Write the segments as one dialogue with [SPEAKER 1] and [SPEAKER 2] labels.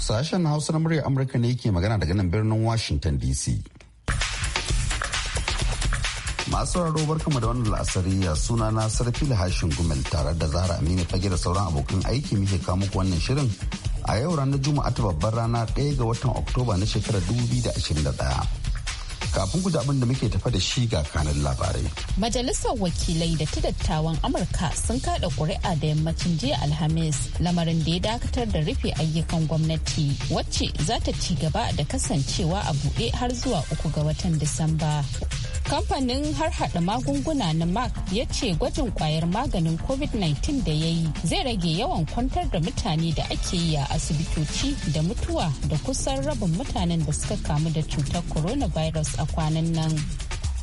[SPEAKER 1] Sashen Hausa na muryar Amurka ne ke magana daga nan birnin Washington DC. Masu sauraro barkama da wannan la'asari ya suna na sarfi hashin gumel tare da Zahra Aminu fage da sauran abokan aiki muke kawo muku wannan shirin a yau ranar Juma'a ta babbar rana ɗaya ga watan Oktoba na shekarar 2021. kafin ku abin da muke tafa da shi ga kanan labarai.
[SPEAKER 2] Majalisar wakilai da ta dattawan Amurka sun kada ƙuri'a da yammacin jiya Alhamis lamarin da ya dakatar da rufe ayyukan gwamnati wacce za ta ci gaba da kasancewa a buɗe har zuwa uku ga watan Disamba. Kamfanin har haɗa magunguna na Mark ya ce gwajin kwayar maganin COVID-19 da ya yi zai rage yawan kwantar da mutane da ake yi a asibitoci da mutuwa da kusan rabin mutanen da suka kamu da cutar coronavirus a kwanan nan.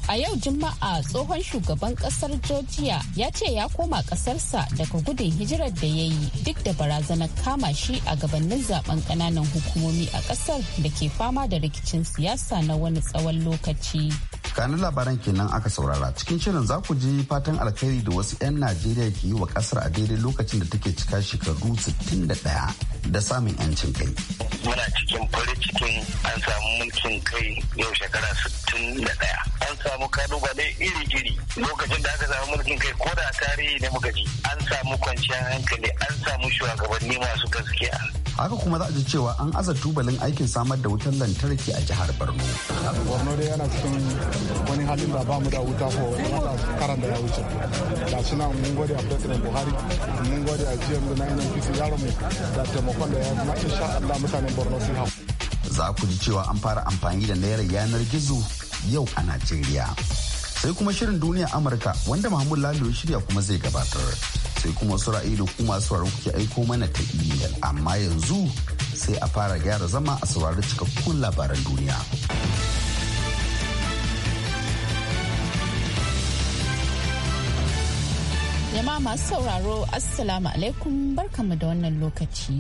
[SPEAKER 2] A yau Juma'a tsohon shugaban kasar Georgia ya ce ya koma kasarsa daga gudun hijirar da ya yi duk da barazanar kama shi a gabanin zaben kananan hukumomi a kasar da ke fama da rikicin siyasa na wani tsawon lokaci.
[SPEAKER 1] tsakanin labaran kenan aka saurara cikin shirin za ku ji fatan alkhairi da wasu 'yan najeriya ke yi wa kasar a daidai lokacin da take cika shekaru 61 da samun 'yancin kai
[SPEAKER 3] muna cikin farin cikin an samu mulkin kai yau shekara 61 an samu kalubale iri-iri lokacin da aka samu mulkin kai ko da tarihi ne muka ji an samu kwanciyar hankali an samu shugabanni masu gaskiya
[SPEAKER 1] haka kuma za a ji cewa an aza tubalin aikin samar da wutar lantarki a jihar borno
[SPEAKER 3] borno dai
[SPEAKER 4] yana cikin wani halin da ba mu da wuta ko karan da ya wuce da shi mun gode a president buhari mun gode a da na nnpc yaro mu da taimakon da ya kuma insha allah mutanen borno sun
[SPEAKER 1] hau za ku ji cewa an fara amfani da naira yanar gizo yau a najeriya sai kuma shirin duniya amurka wanda mahmud lalo shirya kuma zai gabatar sai kuma su ra'ayi da kuma su kuke aiko mana ta imel amma yanzu sai a fara gyara zama a saurari cikakkun labaran duniya.
[SPEAKER 2] Jama'a masu sauraro Assalamu alaikum barkamu da wannan lokaci.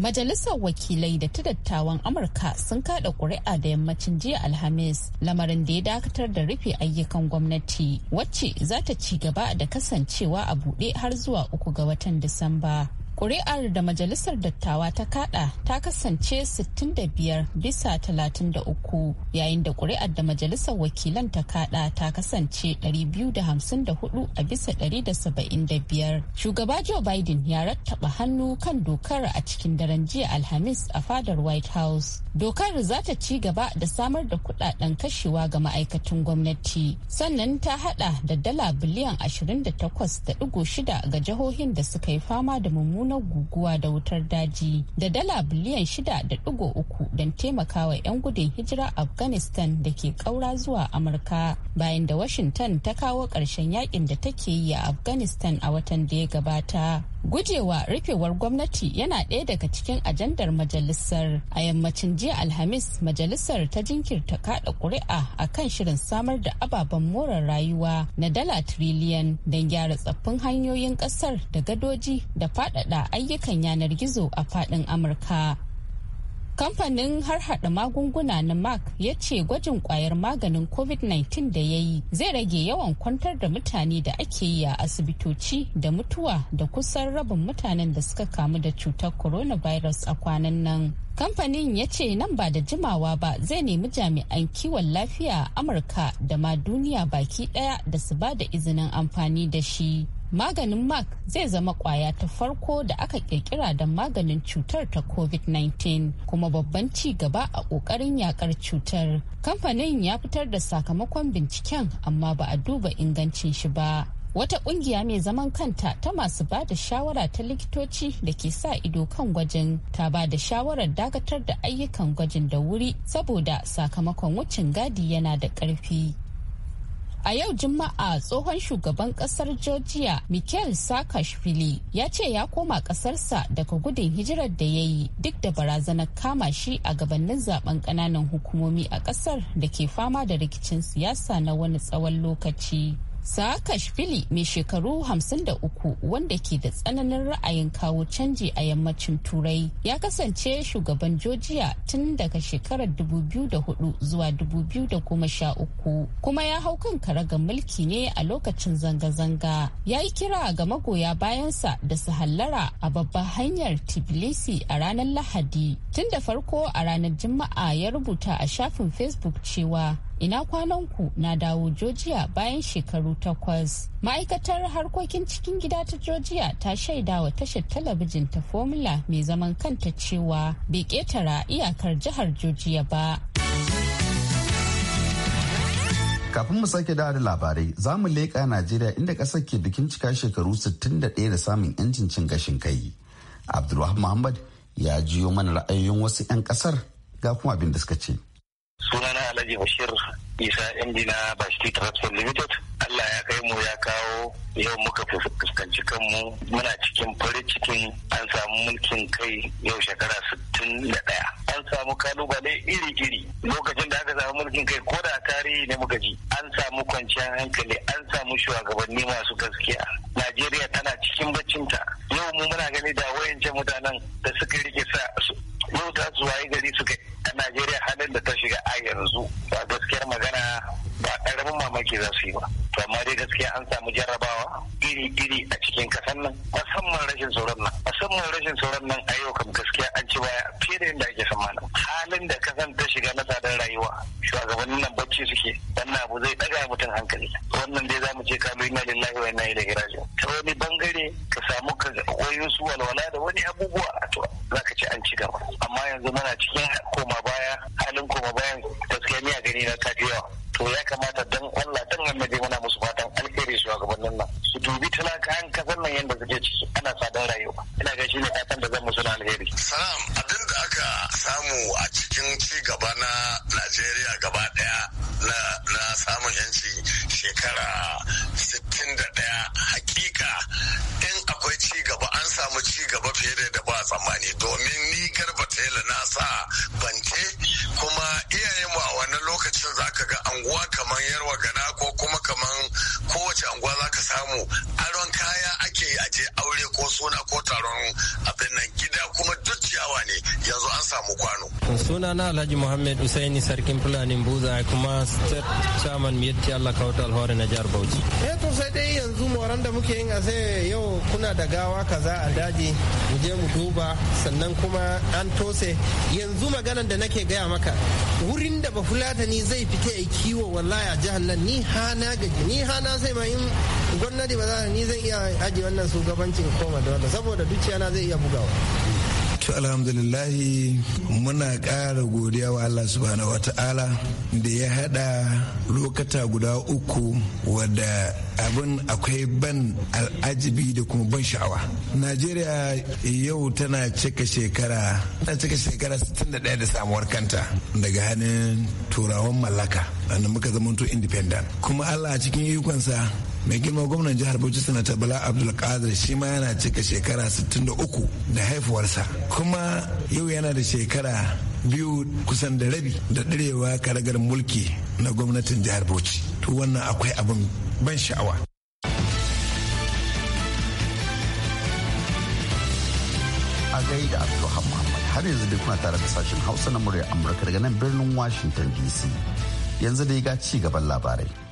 [SPEAKER 2] Majalisar wakilai da ta dattawan Amurka sun kada ƙuri'a da yammacin jiya Alhamis lamarin da ya dakatar da rufe ayyukan gwamnati wacce za ta ci gaba da kasancewa a buɗe har zuwa uku ga watan Disamba. Ƙuri'ar da Majalisar Dattawa ta kaɗa ta kasance 65 bisa 33 yayin da ƙuri'ar da Majalisar Wakilan ta kaɗa ta kasance 254 a bisa 175. Shugaba Joe Biden ya rattaba hannu kan dokar a cikin daren jiya Alhamis a fadar White House. Dokar za ta ci gaba da samar da kudaden kashewa ga ma'aikatan gwamnati sannan ta hada da dala biliyan 28.6 ga jihohin da suka yi fama da mummunan mummunar guguwa da wutar daji da dala biliyan shida da uku don taimakawa 'yan gudun hijira afghanistan da ke ƙaura zuwa amurka bayan da washington ta kawo ƙarshen yakin da take yi a afghanistan a watan da ya gabata gujewa rufewar gwamnati yana ɗaya daga cikin ajandar majalisar a yammacin jiya alhamis majalisar ta jinkirta kaɗa ƙuri'a a kan shirin samar da ababen more rayuwa na dala tiriliyan don gyara tsaffin hanyoyin ƙasar da gadoji da faɗaɗa hada ayyukan yanar gizo a fadin amurka kamfanin harhaɗa magunguna na mac ya ce gwajin kwayar maganin covid-19 da ya yi zai rage yawan kwantar da mutane da ake yi a asibitoci da mutuwa da kusan rabin mutanen da suka kamu da cutar coronavirus a kwanan nan kamfanin ya ce nan ba da jimawa ba zai nemi jami'an kiwon lafiya amurka da ma duniya baki daya da su ba da izinin amfani da shi maganin mark zai zama kwaya ta farko da aka kirkira da maganin cutar ta covid-19 kuma babban ci gaba a kokarin yakar cutar kamfanin ya fitar da sakamakon binciken amma ba a duba ingancin shi ba wata kungiya mai zaman kanta ta masu ba da shawara ta likitoci da ke sa ido kan gwajin ta ba da shawarar dakatar da ayyukan gwajin da wuri saboda sakamakon wucin gadi yana da ƙarfi A yau Juma'a tsohon shugaban kasar Georgia Mikhail Saakashvili ya ce ya koma kasarsa daga gudun hijirar da ya yi duk da barazanar kama shi a gabanin zaben kananan hukumomi a kasar da ke fama da rikicin siyasa na wani tsawon lokaci. Saakashvili mai shekaru 53 wanda ke da tsananin ra'ayin kawo canji a yammacin Turai ya kasance shugaban Georgia tun daga shekarar 2004 zuwa 2013 kuma ya hau kan karagar mulki ne a lokacin zanga-zanga. Ya yi kira ga magoya bayansa da su hallara a babbar hanyar Tbilisi a ranar Lahadi. Tun da farko a ranar Juma'a ya rubuta a shafin Facebook cewa ina kwananku na dawo georgia bayan shekaru takwas ma'aikatar harkokin cikin gida ta georgia ta shaida wa tashar talabijin ta formula mai zaman kanta cewa bai ketara iyakar jihar georgia ba
[SPEAKER 1] kafin mu sake da labarai za mu leƙa najeriya inda ƙasar ke bikin cika shekaru 61 da samun yancin cin gashin kai Abdulrahman muhammad ya jiyo mana ra'ayoyin wasu 'yan ƙasar ga kuma abin da suka ce
[SPEAKER 3] sunana Alhaji Bashir Isa MD na Transport Limited. Allah ya kai mu ya kawo yau muka fuskanci kanmu muna cikin farin cikin an samu mulkin kai yau shekara sittin da ɗaya. An samu kalubale iri-iri lokacin da aka samu mulkin kai ko da tarihi ne muka ji. An samu kwanciyar hankali an samu shugabanni masu gaskiya. Najeriya tana cikin baccinta. Yau mu muna gani da wayancan mutanen da suka rike sa yau ta su waye gari suka najeriya halin da ta shiga a yanzu ba gaskiyar magana ba ƙaramin mamaki za su yi ba to amma dai gaskiya an samu jarrabawa iri-iri a cikin kasan nan musamman rashin tsoron nan musamman rashin tsoron nan a yau kam gaskiya an ci baya fiye da yadda ake tsammanin. halin da kasan ta shiga na tsadar rayuwa shugabannin nan bacci suke wannan abu zai ɗaga mutum hankali wannan dai za mu ce kalu ina lillahi wa ina ilaihi raji'un ta wani bangare ka samu ka koyi su walwala da wani abubuwa yanzu muna cikin koma baya halin koma bayan gaskiya ni a gani na ta yawa to ya kamata
[SPEAKER 4] alhaji muhammad usaini sarkin fulani buza kuma state chairman miyatti allah kauta alhori na jihar bauchi
[SPEAKER 5] eh to sai dai yanzu moran da muke yin
[SPEAKER 6] a sai yau kuna da gawa kaza a daji mu je mu duba sannan kuma an tose yanzu maganan da nake gaya maka wurin da ba ni zai fita ya
[SPEAKER 3] kiwo wallahi a jihar nan ni hana gaji ni hana sai ma in gwamnati ba za ni zan iya aji wannan shugabancin koma da saboda dukiya na zai iya bugawa
[SPEAKER 6] To alhamdulillahi muna ƙara godiya wa Allah subhanahu wa ta'ala da ya haɗa lokata guda uku wadda abin akwai ban al'ajibi da kuma ban sha'awa. Najeriya yau tana cika shekara tana cika shekara 61 da samuwar kanta daga hannun turawan mallaka wanda muka zamanto independent. Kuma Allah cikin ikonsa mai girma gwamnan jihar bauchi sanata bala kadir shi ma yana cika shekara 63 da haifuwarsa kuma yau yana da shekara biyu kusan da rabi da ɗarewa karagar mulki na gwamnatin jihar bauchi to wannan akwai abin ban sha'awa a
[SPEAKER 1] gaida Muhammad har yanzu dai kuna tare da sashen Hausa na murya Amurka daga nan birnin Washington DC. Yanzu dai ga ci gaban labarai.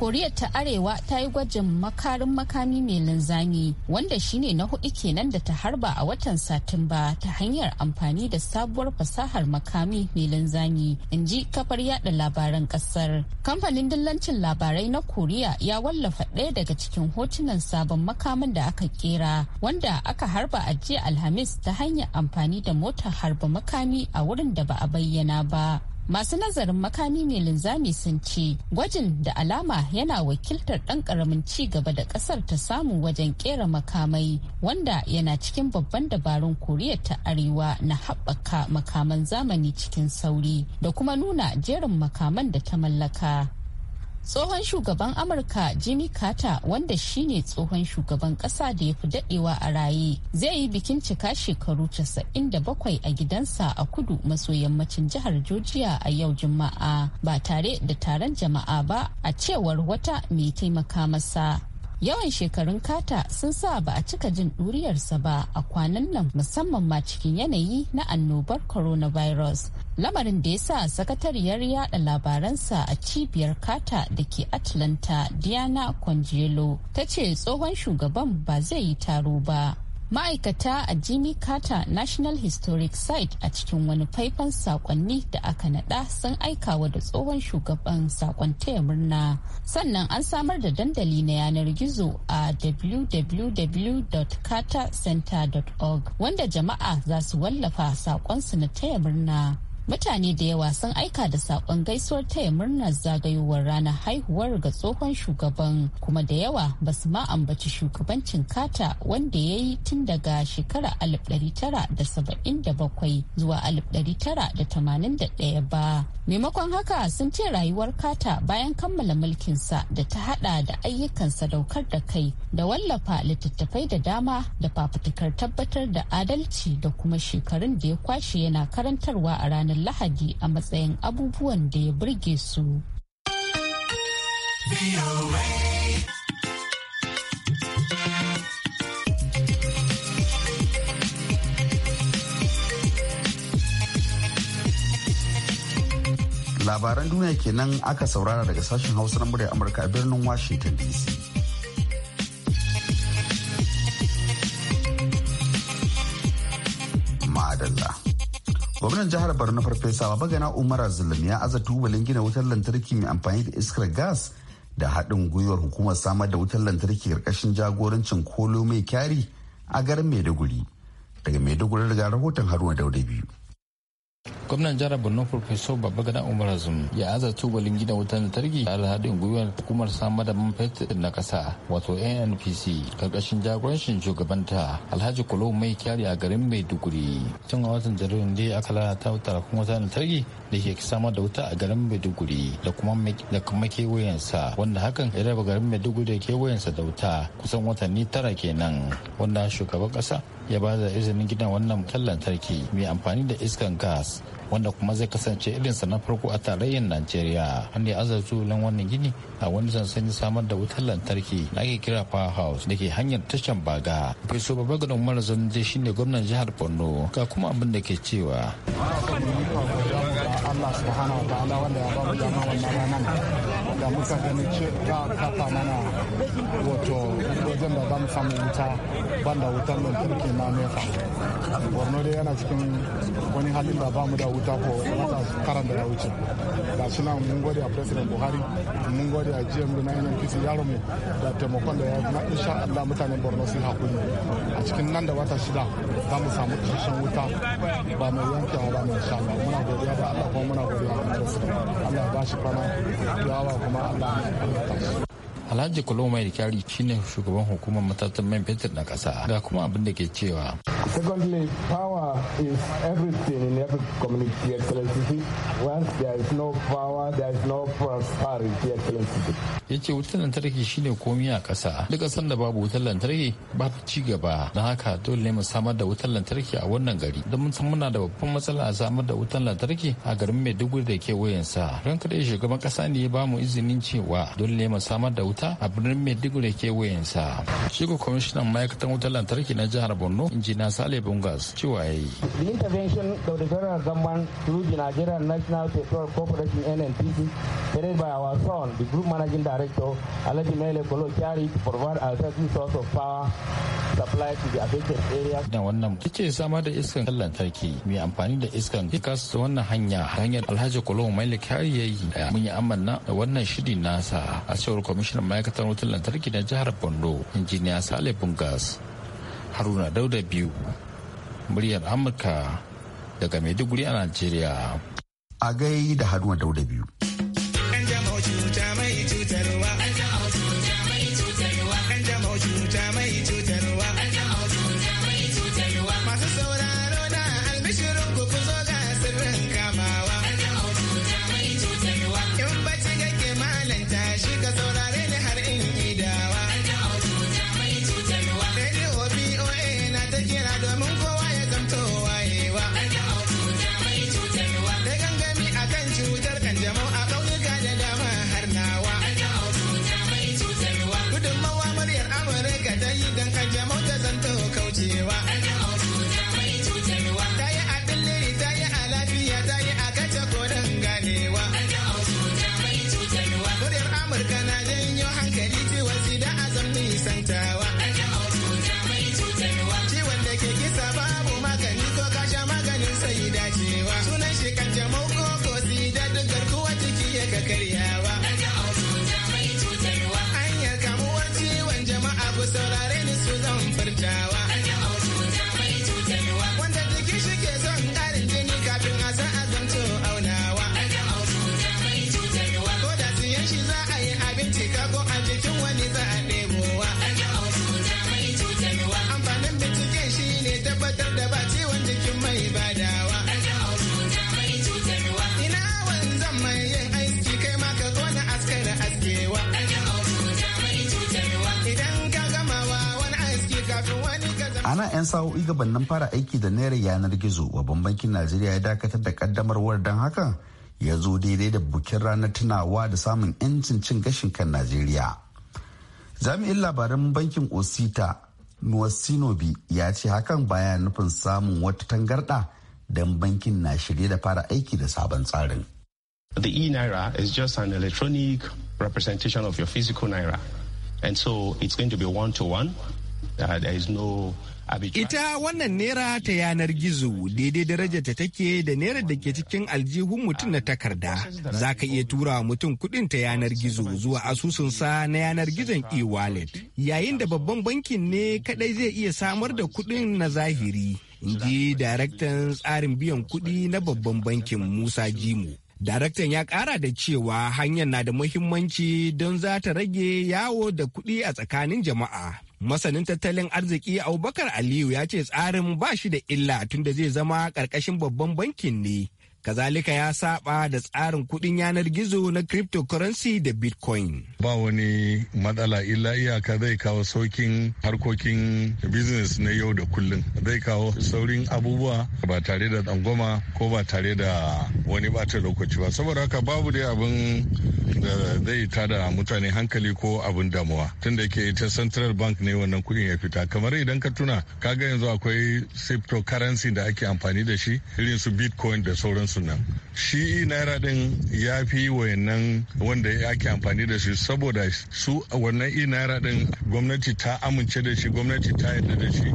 [SPEAKER 2] koriya ta arewa ta yi gwajin makarin makami mai linzami wanda shine na hudu kenan da ta harba a watan satumba ta hanyar amfani da sabuwar fasahar makami mai linzami in ji kafar yada labaran kasar kamfanin dillancin labarai na koriya ya wallafa ɗaya daga cikin hotunan sabon makamin da aka kera wanda aka harba a jiya alhamis ta hanyar amfani da motar harba makami a wurin da ba a bayyana ba masu nazarin makami mai linzami sun ce gwajin da alama yana wakiltar ɗan ƙaramin ci gaba da ƙasar ta samu wajen ƙera makamai wanda yana cikin babban dabarun koriya ta arewa na haɓaka makaman zamani cikin sauri da kuma nuna jerin makaman da ta mallaka tsohon shugaban amurka jimmy carter wanda shine tsohon shugaban kasa da ya fi dadewa a raye zai yi bikin cika shekaru 97 a gidansa a kudu maso yammacin jihar georgia a yau juma'a ba tare da taron jama'a ba a cewar wata mai taimaka masa yawan shekarun kata sun sa ba a cika jin ɗuriyarsa ba a kwanan nan musamman ma cikin yanayi na annobar coronavirus lamarin da ya sa sakatariyar yada labaransa a cibiyar kata da ke atlanta diana congelo ta ce tsohon shugaban ba zai yi taro ba ma'aikata a jimmy carter national historic site a cikin wani faifan sakonni da aka nada sun aikawa da tsohon shugaban sakon taya murna sannan an samar da dandali na yanar gizo a www.cartercenter.org wanda jama'a za su wallafa sakonsu na taya murna mutane da yawa sun aika da saƙon gaisuwar taya murnar zagayowar ranar haihuwar ga tsohon shugaban kuma da yawa ba su ma ambaci shugabancin kata wanda ya yi tun daga shekara 1977 zuwa 1981 ba maimakon haka sun ce rayuwar kata bayan kammala mulkinsa da ta hada da ayyukan sadaukar da kai da wallafa littattafai da dama da fafutukar tabbatar da adalci da kuma shekarun da ya kwashe yana karantarwa a ranar ranar lahadi a matsayin abubuwan da ya burge su
[SPEAKER 1] labaran duniya kenan aka saurara daga sashen hausa na murya amurka a birnin washington dc gwamnan jihar borno farfesa bagana umar zulum ya aza tubalin gina wutar lantarki mai amfani da iskar gas da haɗin gwiwar hukumar samar da wutar lantarki ƙarƙashin jagorancin kolo mai kyari a garin maiduguri daga maiduguri daga rahoton haruna daudai biyu
[SPEAKER 4] gwamnan jihar borno professor babagana umar azum ya aza tubalin gina wutar lantarki a alhadin gwiwar hukumar samar da man fetur na ƙasa, wato nnpc karkashin jagorancin shugabanta alhaji kulo mai kyari a garin maiduguri tun a watan jaridun dai aka lalata wutar kuma wutar lantarki da ke samar da wuta a garin maiduguri da kuma da kuma kewayensa wanda hakan ya raba garin maiduguri da kewayensa da wuta kusan watanni tara kenan wanda shugaban kasa ya ba da izinin gidan wannan wutar lantarki mai amfani da iskan gas wanda kuma zai kasance irin sa na farko a tarayyar najeriya an ya azartu lan wannan gini a wani sansanin samar da wutar lantarki da ake kira power house da ke hanyar tashar baga feso babba gadon marazan je shine gwamnan jihar borno ga kuma abin da ke cewa Allah subhanahu wa ta'ala wanda ya ba mu dama wannan ranar da muka gani kafa mana wato wajen da za mu samu wuta banda wutar lantarki na nefa borno dai yana cikin wani halin da ba mu da wuta ko wata karan da ya wuce ga shi nan mun gode a president buhari mun gode a gm na nnpc yaro mu da taimakon da ya yi na insha allah mutanen borno sun hakuri a cikin nan da wata shida za mu samu isasshen wuta ba mai yankewa ba mai sha muna godiya da allah kuma muna godiya da allah ba shi kwana yawa kuma Alhaji Kolomai Kyari shine shugaban hukumar matatan man fetur na ƙasa ga kuma abin da ke cewa.
[SPEAKER 6] Secondly, power is everything in every community, Excellency. Once there is no power, there is no prosperity, Excellency.
[SPEAKER 4] ya ce wutar lantarki shine komi a ƙasa duk ƙasar da babu wutar lantarki babu ci gaba don haka dole ne mu samar da wutar lantarki a wannan gari don mun san muna da babban matsala a samar da wutar lantarki a garin mai maiduguri da kewayensa ran kaɗai shugaban kasa ne ya ba mu izinin cewa dole ne mu samar da wuta a birnin mai maiduguri da kewayensa shi ko kwamishinan ma'aikatan wutar lantarki na jihar borno injina Saleh Bungas cewa ya yi.
[SPEAKER 6] The intervention of the federal government through the Nigerian National Petrol Corporation NNPC headed by our son, the group managing director, Alhaji Mele Kolo Kyari to provide alternative source of power supply to the affected area.
[SPEAKER 4] Da wannan kice samar da iskan lantarki mai amfani da iskan ikas wannan hanya hanyar Alhaji Kolo mai Kyari ya yi mun yi amanna da wannan shiri nasa a cewar kwamishinan ma'aikatar wutar lantarki na jihar Borno injiniya Sale Bungas. haruna dauda biyu muryar amurka daga maiduguri a najeriya a gai da haruna dauda biyu
[SPEAKER 1] 'yan sa'o'i gabanin fara aiki da naira yanar gizo babban bankin najeriya ya dakatar da kaddamarwar don hakan ya zo daidai da bukin ranar tunawa da samun 'yancin cin gashin kan najeriya jami'in labaran bankin osita nuwasinobi ya ce hakan baya nufin samun wata tangarda don bankin na shirye da fara aiki da sabon tsarin
[SPEAKER 5] The e-naira is just an
[SPEAKER 6] electronic representation of your physical naira. And so it's going to be one to one. Uh, there is no Ita wannan naira ta yanar gizo daidai daraja ta take da naira da ke cikin aljihun mutum na takarda. Za ka iya tura mutum kudin ta yanar gizo zuwa asusunsa na yanar gizon e-wallet. Yayin da babban bankin ne kadai zai iya samar da kudin na zahiri. Inji daraktan tsarin biyan kudi na babban bankin Musa jimo Daraktan ya kara da cewa hanyar na da muhimmanci don za ta rage yawo da kudi a tsakanin jama'a. Masanin tattalin arziki Abubakar Aliyu ya ce tsarin ba shi da illa tunda zai zama ƙarƙashin babban bankin ne kazalika ya saba da tsarin kudin yanar gizo na cryptocurrency da bitcoin
[SPEAKER 7] ba wani matsala illa iyaka zai kawo saukin harkokin business na yau da kullum zai kawo saurin abubuwa ba tare da tsangwama ko ba tare da wani bata lokaci ba saboda haka babu dai abin da zai tada mutane hankali ko abin damuwa tunda ke ita central bank ne wannan kudin ya fita kamar idan ka tuna ka ga yanzu akwai cryptocurrency da ake amfani da shi irin su bitcoin da sauran su nan shi naira din ya fi wayannan wanda ake amfani da shi saboda su wannan i naira din gwamnati ta amince da shi gwamnati ta yarda da shi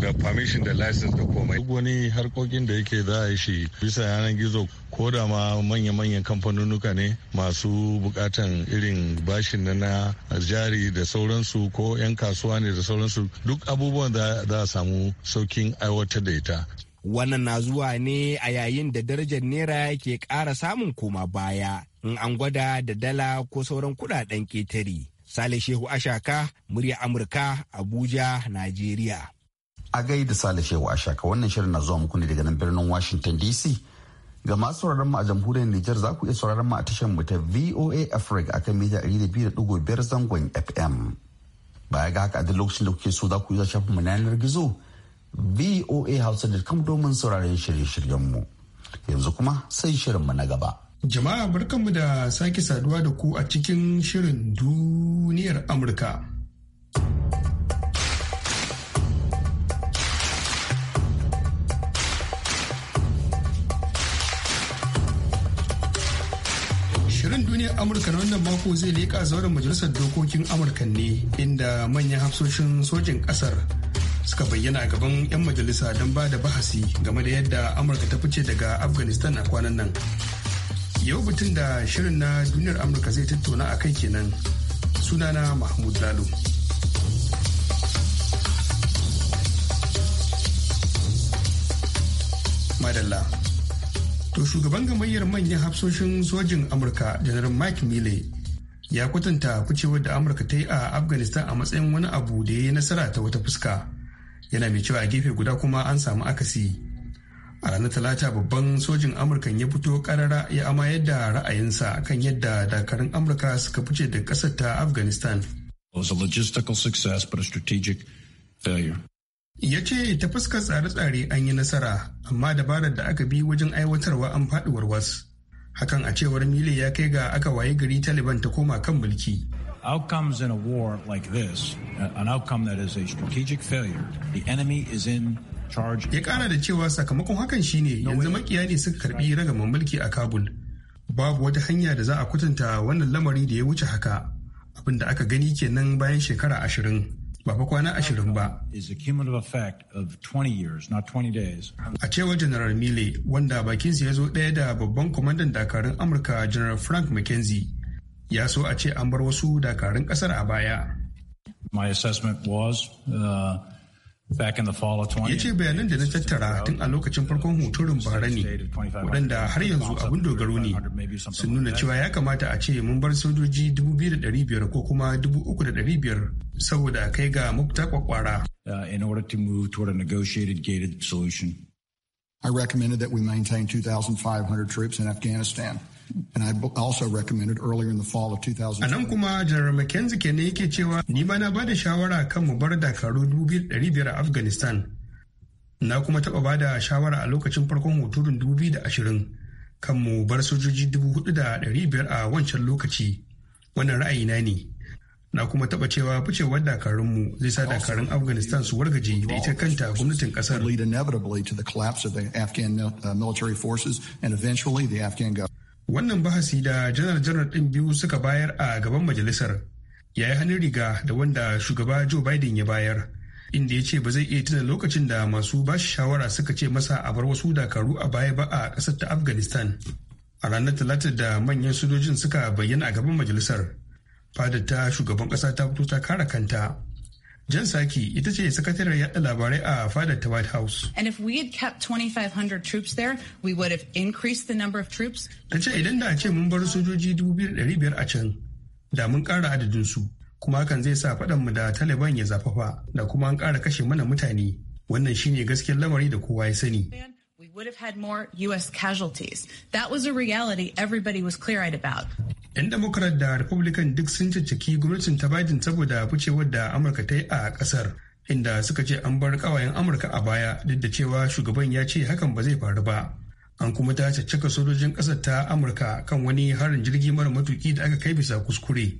[SPEAKER 7] da permission da license da komai duk wani harkokin da yake za a yi shi bisa yanar gizo ko da ma manya-manyan kamfanonuka ne masu bukatan irin bashin na jari da sauransu ko 'yan kasuwa ne da sauransu duk abubuwan da za a samu saukin aiwatar da ita
[SPEAKER 6] Wannan na zuwa ne a yayin da darajar Naira ke ƙara samun koma baya in an gwada da dala ko sauran kudaden ƙetare. Sale Shehu Ashaka, murya Amurka, Abuja, Najeriya.
[SPEAKER 1] A gaida Sale Shehu Ashaka wannan shirin na zuwa muku ne daga nan birnin Washington DC. Ga masu sauraron mu a jamhuriyar Nijar za ku iya sauraron mu a tashar mu ta VOA Africa akan mita 200.5 zangon FM. Baya ga haka a duk lokacin da kuke so za ku iya shafin mu na yanar gizo voa hausa.com domin sauraron shirye-shiryenmu yanzu kuma sai shirinmu na gaba
[SPEAKER 6] jama'a barkanmu da sake saduwa da ku a cikin shirin duniyar amurka Shirin duniyar Amurka na wannan mako zai leƙa zauren majalisar dokokin Amurka ne inda manyan hafsoshin sojin ƙasar suka bayyana gaban 'yan majalisa don ba da bahasi game da yadda amurka ta fice daga afghanistan a kwanan nan yau batun da shirin na duniyar amurka zai tattauna a kai kenan sunana mahmud lalo madalla to shugaban gamayyar manyan hafsoshin sojin amurka janar mike mile ya kwatanta ficewar da amurka ta yi a afghanistan a matsayin wani abu da ya yi nasara ta wata fuska yana mai cewa a gefe guda kuma an samu akasi a ranar talata babban sojin amurka ya fito karara ya amayar yadda ra'ayinsa kan yadda dakarun amurka suka fice da ƙasar ta afghanistan ya ce ta fuskar tsare-tsare an yi nasara amma dabarar da aka bi wajen aiwatarwa an faɗi warwas hakan a cewar mile ya kai ga aka waye gari taliban ta koma kan mulki Outcomes in a war like this, uh, an outcome that is a strategic failure, the enemy is in charge. Ya kara da cewa sakamakon hakan shine yanzu makiya ne suka karbi ragaman mulki a Kabul. Babu wata hanya da za a kwatanta wannan lamari da ya wuce haka. Abin da aka gani kenan bayan shekara ashirin. Ba fa kwana
[SPEAKER 3] ashirin ba.
[SPEAKER 6] A cewar General Mille, wanda bakinsa ya zo ɗaya da babban kwamandan dakarun Amurka General Frank McKenzie. ya so a ce an bar wasu dakarun kasar a baya. My assessment was uh, back in the fall of 20. Ya ce bayanan da na tattara tun a lokacin farkon hunturin bara ne waɗanda har yanzu abin dogaro ne
[SPEAKER 7] sun nuna cewa
[SPEAKER 6] ya kamata a ce mun bar sojoji 2,500 ko kuma 3,500 saboda kai ga mafita
[SPEAKER 3] kwakwara. Uh, in order to move toward a negotiated gated solution. I recommended that we maintain 2,500 troops in Afghanistan. And I also recommended earlier in
[SPEAKER 6] the fall of 2000. A kuma General McKenzie ke ne yake cewa ni ma na ba da shawara kan mu bar dakaru 2,500 a Afghanistan. Na kuma ba da shawara a lokacin farkon hoturin 2020 kan mu bar sojoji 4,500 a wancan lokaci. Wannan ne. Na kuma cewa ficewar zai sa dakarun Afghanistan su wargaje da ita kanta gwamnatin Lead inevitably to the collapse of the Afghan uh, military forces and eventually the Afghan government. wannan bahasi da janar-janar ɗin biyu suka bayar a gaban majalisar ya yi hannun riga da wanda shugaba joe biden ya bayar inda ya ce ba zai iya tuna lokacin da masu ba shawara suka ce masa a bar wasu dakaru a baya ba a ƙasar ta afghanistan a ranar talata da manyan sojojin suka bayyana a gaban majalisar fadar ta shugaban ƙasa ta fito ta kare kanta Jan Saki ita ce sakataren da labarai a fadar ta White House.
[SPEAKER 1] And if we had kept 2,500 troops there, we would have increased the number of troops.
[SPEAKER 6] Ta ce idan da a ce mun bar sojoji 2,500 a can, da mun ƙara adadinsu, kuma hakan zai sa faɗanmu da Taliban ya zafafa, da kuma an ƙara kashe mana mutane. Wannan shine gaskiyar lamari da kowa ya sani. we would have had more U.S. casualties. That was a reality everybody was clear-eyed about. 'Yan Democrat da Republican duk sun cicciki gwamnatin ta Biden saboda ficewar da Amurka ta yi a ƙasar, inda suka ce an bar ƙawayen Amurka a baya duk da cewa shugaban ya ce hakan ba zai faru ba. An kuma ta caccaka sojojin ƙasar ta Amurka kan wani harin jirgi mara matuki da aka kai bisa kuskure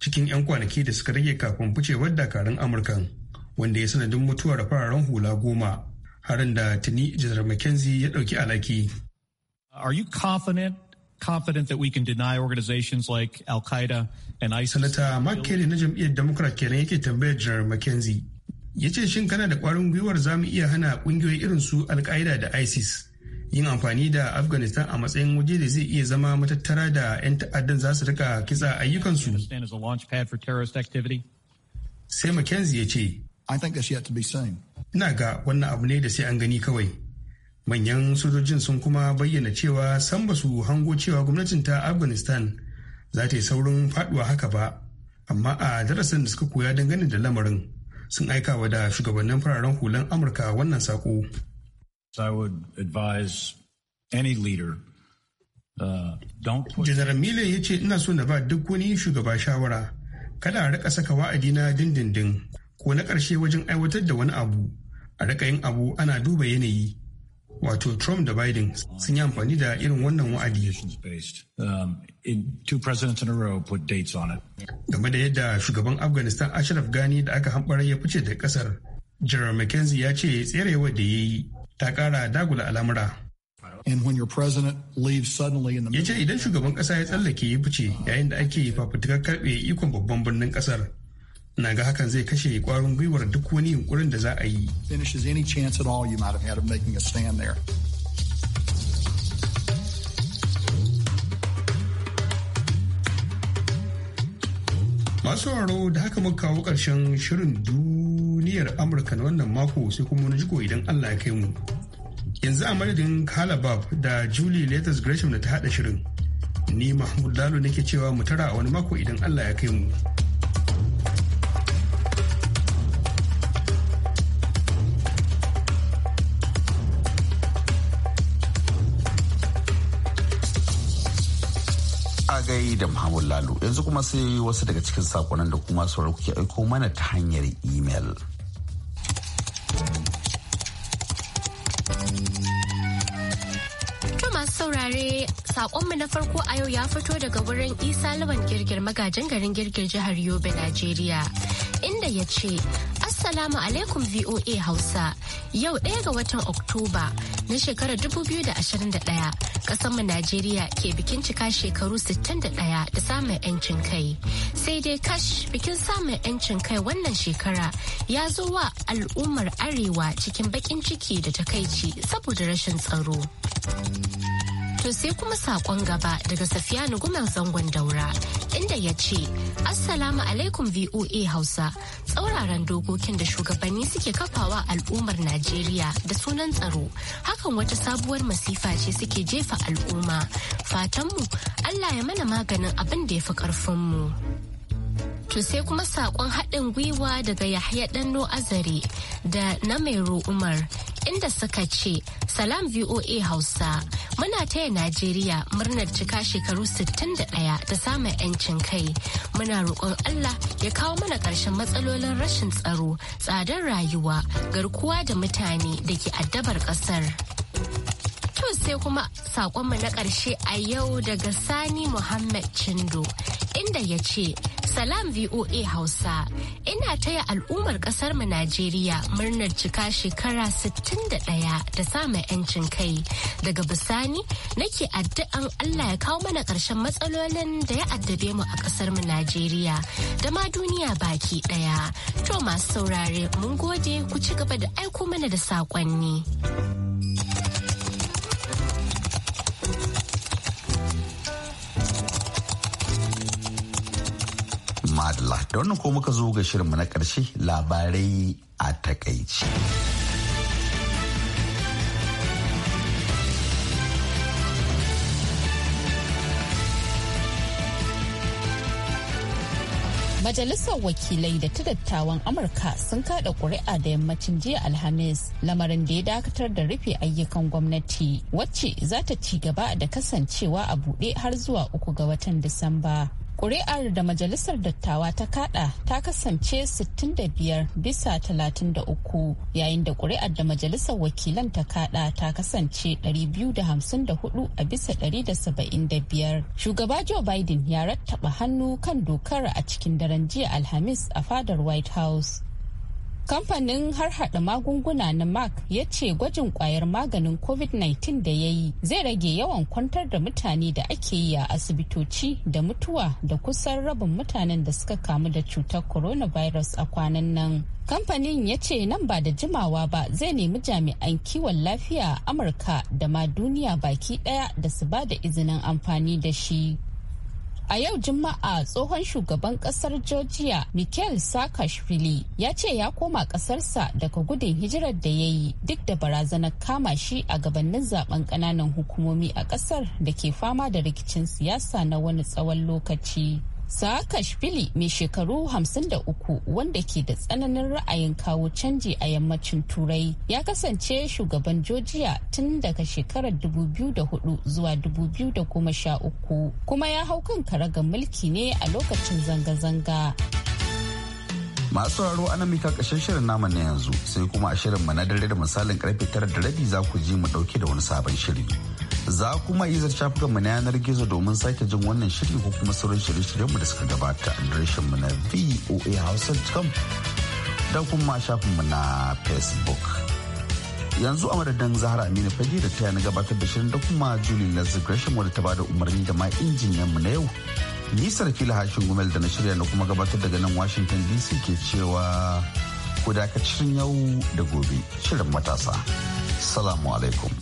[SPEAKER 6] cikin 'yan kwanaki da suka rage kafin ficewar dakarun Amurkan, wanda ya sanadin mutuwar fararen hula goma harin da tuni janar mckenzie ya ɗauki
[SPEAKER 3] alaki are you confident confident that we can deny organizations like Al Qaeda and ISIS? Sanata Mark
[SPEAKER 6] na jam'iyyar Democrat kenan yake tambayar General McKenzie. Ya ce shin kana da kwarin gwiwar za mu iya hana kungiyoyi irin su Al Qaeda da ISIS yin amfani da Afghanistan a matsayin waje da zai iya zama matattara da 'yan ta'addan za su rika kitsa ayyukansu. Sai McKenzie ya ce, I think that's yet to be seen. Ina ga wannan abu ne da sai an gani kawai. Manyan sojojin sun kuma bayyana cewa san ba su hango cewa gwamnatin ta Afghanistan za ta yi saurin faduwa haka ba, amma a darasin da suka koya dangane da lamarin sun aika wa da shugabannin fararen hulan Amurka wannan sako. I would advise uh, General Miller ya ce ina so na ba duk wani shugaba shawara kada a rika saka wa'adi na dindindin ko na ƙarshe wajen aiwatar da wani abu a rika yin abu ana duba yanayi wato trump da biden sun yi amfani da irin wannan wa'adi um, game da yadda shugaban afghanistan ashraf gani da aka hambara ya fice da kasar general mckenzie ya ce tserewar da ya yi ta kara dagula al'amura ya ce idan shugaban kasa ya tsallake ya fice yayin da ake fafutukar karbe ikon babban birnin kasar na ga hakan zai kashe kwarin gwiwar duk wani yunkurin da za a yi masu sauraro da haka muka kawo ƙarshen shirin duniyar amurka na wannan mako sai kuma wani jiko idan allah ya kai mu yanzu a madadin kalabab da julie letters gresham da ta haɗa shirin ni mahmud lalo nake cewa mu tara a wani mako idan allah ya kai mu
[SPEAKER 1] agai da Muhammad Lalo yanzu kuma sai wasu daga cikin sakonan da kuma sauran kuke aiko mana ta hanyar imel.
[SPEAKER 8] saurare sakonmu na farko a yau ya fito daga wurin isa lawan girgir magajin garin girgir jihar yobe nigeria inda ya ce assalamu alaikum voa hausa yau ɗaya ga watan oktoba na shekarar 2021 kasanmu Najeriya ke bikin cika shekaru 61 da samun 'yancin kai. Sai dai kash bikin samun 'yancin kai wannan shekara ya zo wa al'ummar arewa cikin bakin ciki da takaici saboda rashin tsaro. To sai kuma sakon gaba daga Safiyanu Gumel Zangon Daura inda ya ce, Assalamu alaikum VOA Hausa, tsauraran dokokin da shugabanni suke kafawa al'ummar Najeriya da sunan tsaro. Hakan wata sabuwar masifa ce suke jefa al'umma. Fatanmu, Allah ya mana maganin abin da ya fi ƙarfinmu. To sai kuma sakon haɗin gwiwa daga Yahya Dano Azare da na mero Umar inda suka ce salam VOA Hausa muna taya Najeriya murnar cika shekaru 61 da samun 'yancin kai. Muna roƙon Allah ya kawo mana ƙarshen matsalolin rashin tsaro, tsadar rayuwa, garkuwa da mutane da ke addabar ƙasar. To sai kuma sakonmu na ƙarshe a yau daga Sani Muhammad Chindo inda ya ce, Salam VOA Hausa, ina taya al'ummar ƙasarmu Najeriya murnar cika shekara 61 da samun 'yancin kai. Daga bisani nake addu'an Allah ya kawo mana ƙarshen matsalolin da ya addabe mu a ƙasarmu Najeriya da ma duniya baki ɗaya. To masu saurare mun gode ku ci gaba da aiko mana da saƙonni.
[SPEAKER 1] Allah da wannan ko muka zo ga shirinmu na ƙarshe labarai a takaici.
[SPEAKER 2] Majalisar wakilai da ta dattawan Amurka sun kada kuri'a da yammacin jiya Alhamis lamarin da ya dakatar da rufe ayyukan gwamnati wacce za ta ci gaba da kasancewa a buɗe har zuwa uku ga watan Disamba. Ƙuri'ar da Majalisar Dattawa ta kaɗa ta kasance 65 bisa 33 yayin da ƙuri'ar da Majalisar Wakilan ta kaɗa ta kasance 254 a bisa 175. Shugaba Joe Biden ya rattaba hannu kan dokar a cikin daren jiya Alhamis a fadar White House. Kamfanin harhaɗa magunguna na Mark ya ce gwajin kwayar maganin COVID-19 da ya yi zai rage yawan kwantar da mutane da ake yi a asibitoci da mutuwa da kusan rabin mutanen da suka kamu da cutar coronavirus a kwanan nan. Kamfanin ya ce nan ba da jimawa ba zai nemi jami'an kiwon lafiya Amurka da ma duniya baki ɗaya da su ba da izinin amfani da shi. A yau Juma'a tsohon shugaban kasar Georgia Mikhail Saakashvili ya ce ya koma kasarsa daga gudun hijirar da ya yi duk da barazanar kama shi a gabanin zaben kananan hukumomi a kasar da ke fama da rikicin siyasa na wani tsawon lokaci. Saakashvili mai shekaru 53 wanda ke da tsananin ra'ayin kawo canji a yammacin Turai ya kasance shugaban Georgia tun daga shekarar 2004 zuwa 2013 kuma ya hau kan karagar mulki ne a lokacin zanga-zanga.
[SPEAKER 1] Masu raro ana mika kashin shirin nama na yanzu sai kuma a shirin mu na dare da misalin karfe tara da rabi za ku ji mu dauke da wani sabon shiri. za kuma yi shafukanmu na yanar gizo domin sake jin wannan shiri ko kuma sauran shirye-shiryenmu da suka gabata mu na voa voahouse.com da kuma shafinmu na facebook yanzu a madadin zahara aminu fage da ta na gabatar da shirin da kuma julie lazar gresham wadda ta bada umarni da ma mu na yau ni sarki lahashin gumel da na shirya na kuma gabatar daga nan washington dc ke cewa ku dakacin yau da gobe shirin matasa salamu alaikum